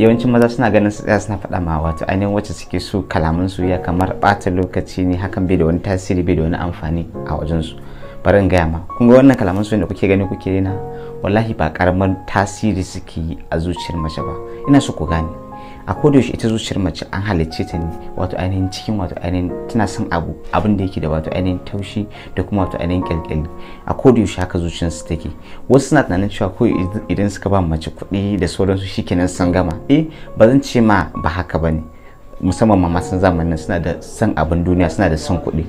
yawancin maza suna ganin tsaya suna faɗa ma wato ainihin wacce suke so kalaman su ya kamar ɓata lokaci ne hakan bai da wani tasiri bai da wani amfani a wajen su bari in gaya ma kun ga wannan kalaman su da kuke gani kuke daina wallahi ba karamar tasiri suke yi a zuciyar mace ba ina so ku gane a kodayaushe ita zuciyar mace an halicce ta ne wato ainihin cikin wato ainihin tana son abu abin da yake da wato ainihin taushi da kuma wato ainihin kyalkyali a kodayaushe haka zuciyar su take wasu suna tunanin cewa ko idan suka ba mace kuɗi da sauransu shikenan san gama eh ba zan ce ma ba haka bane musamman ma masan zamanin suna da son abin duniya suna da san kuɗi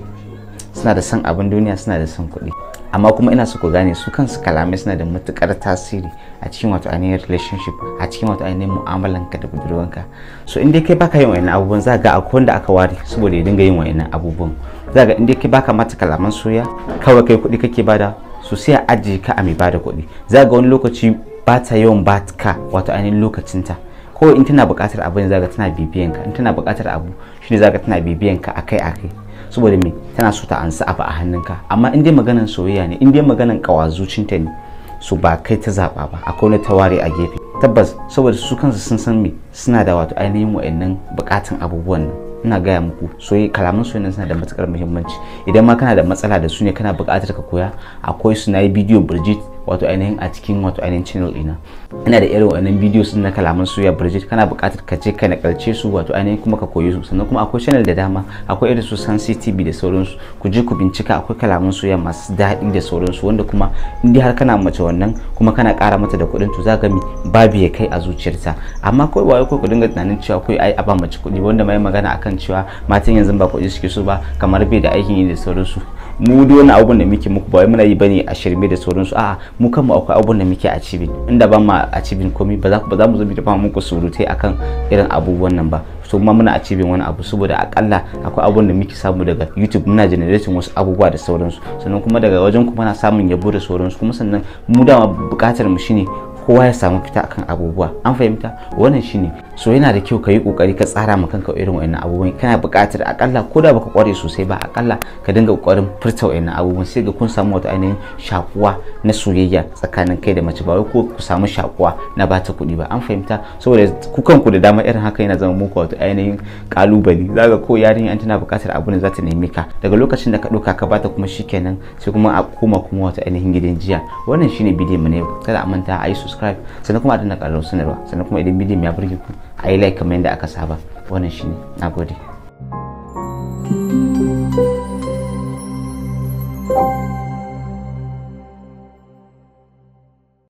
suna da son abin duniya suna da son kuɗi amma kuma ina so ku gane su kansu kalamai suna da matukar tasiri a cikin wato ainihin relationship a cikin wato ainihin mu'amalanka da budurwanka so in dai kai baka yin wa'annan abubuwan za ga akwai wanda aka ware saboda ya dinga yin wa'annan abubuwan za ga in kai baka mata kalaman soya kawai kai kuɗi kake bada so sai a ajiye ka a mai bada kuɗi za ga wani lokaci ba ta yawan ba ka wato ainihin lokacinta ko in tana buƙatar abu ne za ga tana ka in tana buƙatar abu shine za ga tana bibiyanka akai-akai saboda me tana so ta ansa abu a hannunka amma in dai maganan soyayya ne in dai maganan kawazucinta ne su ba kai ta zaba ba akwai wani taware a gefe tabbas saboda su kansu sun san me suna da wato ainihin wa'annan bukatan abubuwan nan ina gaya muku soyi kalaman soyayya suna da matukar muhimmanci idan ma kana da matsala da su ne kana bukatar ka koya akwai su na yi bidiyon Bridget wato ainihin a cikin wato ainihin channel ina ina da irin wannan bidiyo sun na kalaman suya Bridget kana buƙatar ka je ka nakalce su wato ainihin kuma ka koyi su sannan kuma akwai channel da dama akwai irin su Sansi TV da sauransu ku je ku bincika akwai kalaman suya masu daɗi da sauransu wanda kuma in har kana mace wannan kuma kana ƙara mata da kuɗin to za mi babu ya kai a zuciyarta amma kai waye kai ku dinga tunanin cewa kai ai a ba mace kuɗi wanda mai magana akan cewa matan yanzu ba kuɗi suke so ba kamar bai da aikin yi da sauransu mu wani abubuwan da muke muku ba wai muna yi bane a shirme da sauransu a'a mu kanmu akwai abubuwan da muke a cibin inda ba ma a cibin komai ba za mu zo mu fama muku surutai akan irin abubuwan nan ba so kuma muna a cibin wani abu saboda akalla akwai abubuwan da muke samu daga youtube muna generating wasu abubuwa da sauransu sannan kuma daga wajen kuma na samun yabo da sauransu kuma sannan mu dama bukatar mu shine kowa ya samu fita akan abubuwa an fahimta wannan shine so yana da kyau ka yi kokari ka tsara ma kanka irin wayannan abubuwan kana buƙatar akalla ko da baka kware sosai ba akalla ka dinga kokarin furta wayannan abubuwan sai ga kun samu wata ainihin shakuwa na soyayya tsakanin kai da mace ba ko ku samu shakuwa na bata kuɗi ba an fahimta saboda ku kanku da dama irin haka yana zama muku wata ainihin kalubale zaka ko yarinya an tana buƙatar abu ne za ta neme ka daga lokacin da ka ɗauka ka bata kuma shikenan sai kuma a koma kuma wata ainihin gidan jiya wannan shine bidiyon mu ne kada a manta a yi subscribe sannan kuma a danna ƙararrawar sanarwa sannan kuma idan bidiyon ya burge ku a yi like kamar yadda aka saba wannan shine nagode